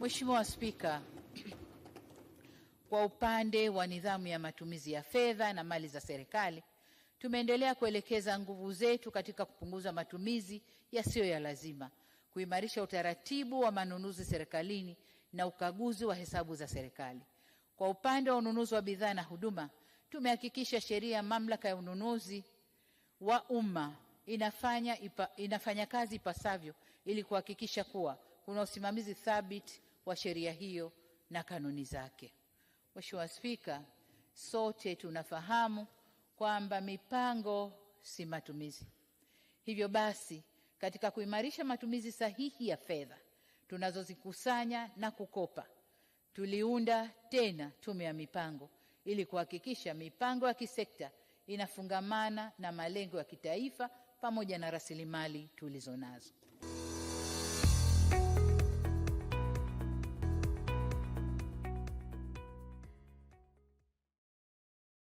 Mheshimiwa Spika, kwa upande wa nidhamu ya matumizi ya fedha na mali za serikali, tumeendelea kuelekeza nguvu zetu katika kupunguza matumizi yasiyo ya lazima, kuimarisha utaratibu wa manunuzi serikalini na ukaguzi wa hesabu za serikali. Kwa upande wa ununuzi wa bidhaa na huduma, tumehakikisha sheria ya mamlaka ya ununuzi wa umma inafanya, ipa, inafanya kazi ipasavyo ili kuhakikisha kuwa kuna usimamizi thabiti wa sheria hiyo na kanuni zake. Mheshimiwa Spika, sote tunafahamu kwamba mipango si matumizi. Hivyo basi, katika kuimarisha matumizi sahihi ya fedha tunazozikusanya na kukopa, tuliunda tena tume ya mipango ili kuhakikisha mipango ya kisekta inafungamana na malengo ya kitaifa pamoja na rasilimali tulizonazo.